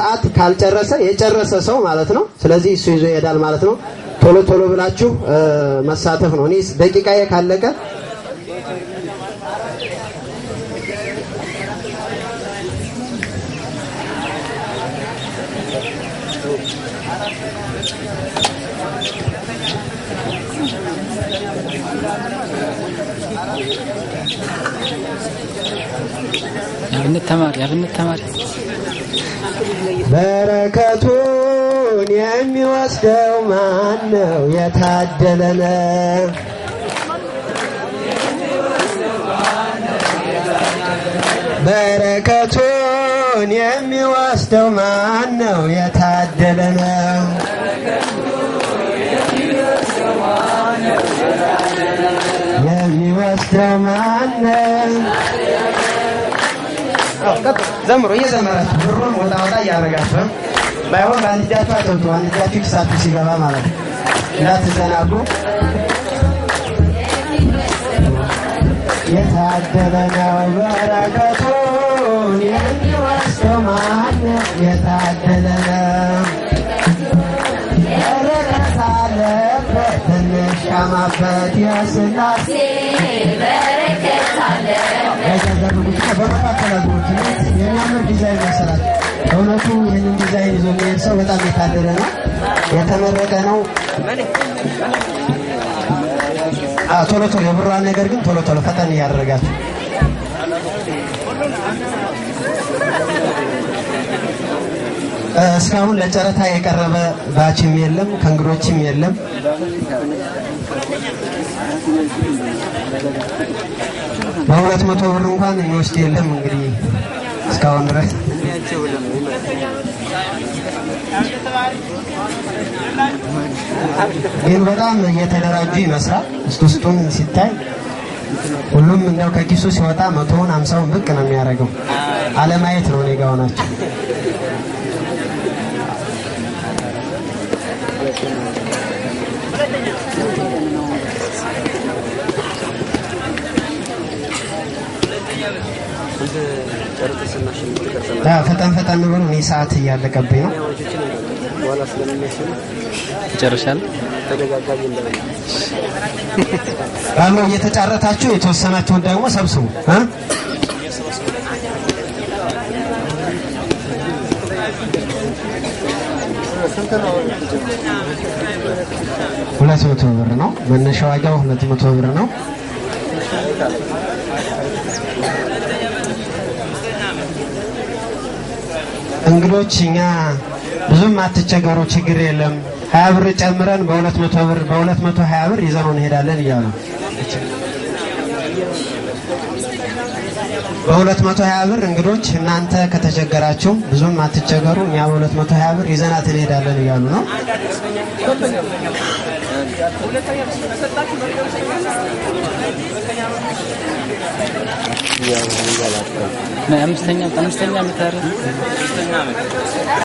ሰዓት ካልጨረሰ የጨረሰ ሰው ማለት ነው። ስለዚህ እሱ ይዞ ይሄዳል ማለት ነው። ቶሎ ቶሎ ብላችሁ መሳተፍ ነው። እኔ ደቂቃዬ ካለቀ አብነት ተማሪ አብነት ተማሪ በረከቱን የሚወስደው ማን ነው? የታደለነ በረከቱን የሚወስደው ማን ነው? የታደለነ የሚወስደው ማን ነው? ዘምሮ እየዘመራችሁ ብሩን ወጣ ወጣ እያደረጋችሁ ባይሆን በአንድ እጃችሁ አጥንቶ አንድ እጃችሁ ኪሳችሁ ሲገባ ማለት ነው። እንዳትዘናጉ። የታደለ ነው በረከቱን የሚወስደው ማነው? የታደለ ነው በረከት ትንሽ ሻማበት የስላሴ የሚያደርጉት በመካከላቸው የሚያምር ዲዛይን መሰራት በእውነቱ ይህንን ዲዛይን ይዞ የሚሄድ ሰው በጣም የታደለ ነው፣ የተመረቀ ነው። ቶሎ ቶሎ የብሯን ነገር ግን ቶሎ ቶሎ ፈጠን እያደረጋቸው እስካሁን ለጨረታ የቀረበ ባችም የለም፣ ከእንግዶችም የለም። በሁለት መቶ ብር እንኳን የሚወስድ የለም። እንግዲህ እስካሁን ድረስ ግን በጣም እየተደራጁ ይመስላል። ውስጥ ውስጡን ሲታይ ሁሉም እንደው ከኪሱ ሲወጣ መቶውን አምሳውን ብቅ ነው የሚያደርገው። አለማየት ነው እኔ ናቸው። ፈጣን ፈጣን ነበሩ። እኔ ሰዓት እያለቀብኝ ነው። ይጨርሻል። ባለው እየተጫረታችሁ የተወሰናችሁን ደግሞ ሰብስቡ። ሁለት መቶ ብር ነው መነሻ ዋጋው። ሁለት መቶ ብር ነው። እንግዶች እኛ ብዙም አትቸገሩ፣ ችግር የለም ሀያ ብር ጨምረን በሁለት መቶ ብር በሁለት መቶ ሀያ ብር ይዘነው እንሄዳለን እያሉ በሁለት መቶ ሀያ ብር እንግዶች እናንተ ከተቸገራችሁ ብዙም አትቸገሩ፣ እኛ በሁለት መቶ ሀያ ብር ይዘናት እንሄዳለን እያሉ ነው። አምስተኛ አምስተኛ ምታረ